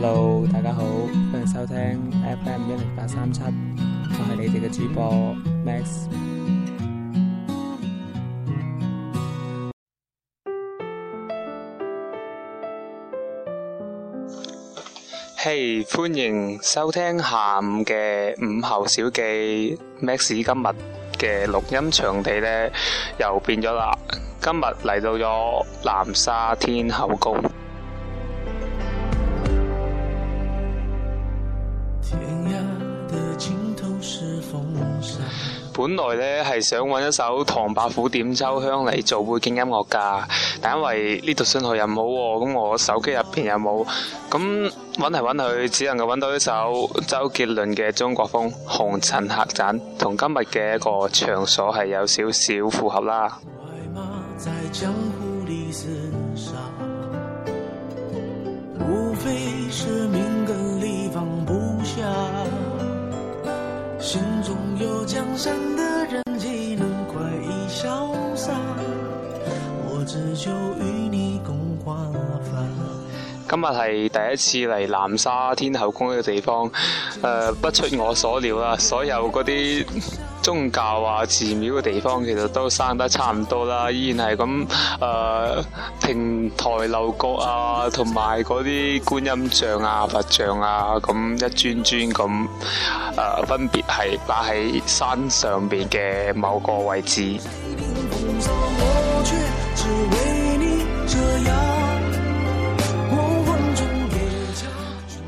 hello，大家好，歡迎收聽 FM 一零八三七，我係你哋嘅主播 Max。Hey，歡迎收聽下午嘅午後小記。Max 今日嘅錄音場地咧又變咗啦，今日嚟到咗南沙天后宮。本來呢係想揾一首唐伯虎點秋香嚟做背景音樂㗎，但因為呢度信號又冇喎，咁我手機入邊又冇，咁揾嚟揾去只能夠揾到一首周杰倫嘅中國風《紅塵客棧》，同今日嘅一個場所係有少少符合啦。 江山的人，豈能快意瀟灑？我只求與你共華髮。今日係第一次嚟南沙天后宮呢個地方，誒，不出我所料啦，所有嗰啲宗教啊、寺廟嘅地方，其實都生得差唔多啦，依然係咁誒，亭、呃、台樓閣啊，同埋嗰啲觀音像啊、佛像啊，咁一尊尊咁誒，分別係擺喺山上邊嘅某個位置。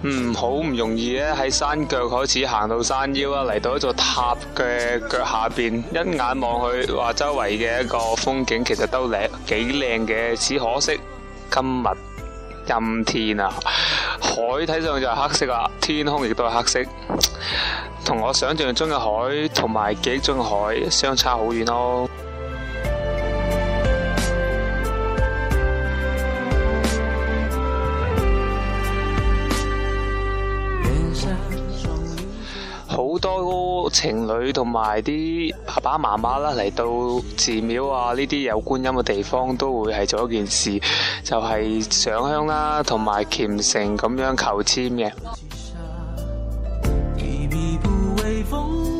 嗯，好唔容易咧，喺山腳開始行到山腰啊，嚟到一座塔嘅腳下邊，一眼望去，話周圍嘅一個風景其實都靚，幾靚嘅。只可惜今日陰天啊，海睇上去就係黑色啊，天空亦都係黑色，同我想象中嘅海同埋記憶中嘅海相差好遠咯。多個情侶同埋啲爸爸媽媽啦，嚟到寺廟啊呢啲有觀音嘅地方，都會係做一件事，就係上香啦，同埋虔誠咁樣求籤嘅。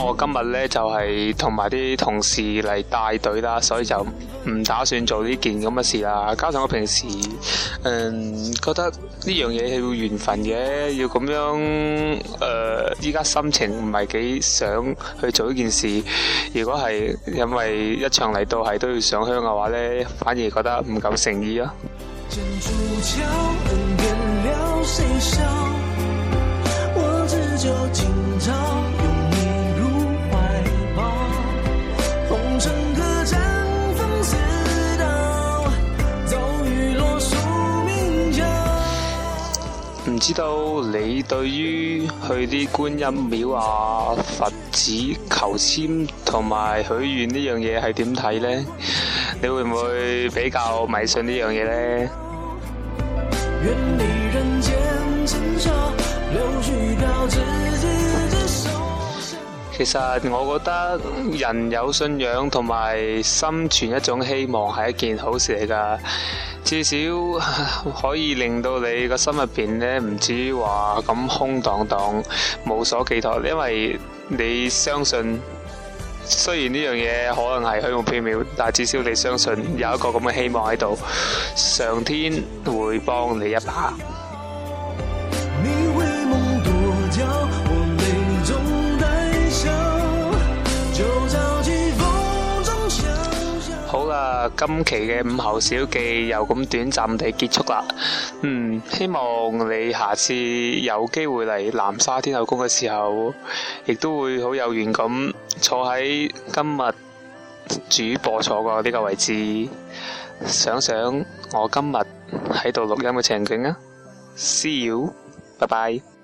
我今日咧就係同埋啲同事嚟帶隊啦，所以就唔打算做呢件咁嘅事啦。加上我平時，嗯，覺得呢樣嘢係要緣分嘅，要咁樣，誒，依家心情唔係幾想去做呢件事。如果係因為一場嚟到係都要上香嘅話咧，反而覺得唔夠誠意啊。唔知道你對於去啲觀音廟啊、佛寺求籤同埋許願呢樣嘢係點睇呢？你會唔會比較迷信呢樣嘢呢？其實我覺得人有信仰同埋心存一種希望係一件好事嚟㗎，至少可以令到你個心入邊咧唔至於話咁空蕩蕩，無所寄託。因為你相信，雖然呢樣嘢可能係虛無縹緲，但係至少你相信有一個咁嘅希望喺度，上天會幫你一把。今期嘅午後小記又咁短暫地結束啦。嗯，希望你下次有機會嚟南沙天后宮嘅時候，亦都會好有緣咁坐喺今日主播坐過呢個位置，想想我今日喺度錄音嘅情景啊。See you，拜拜。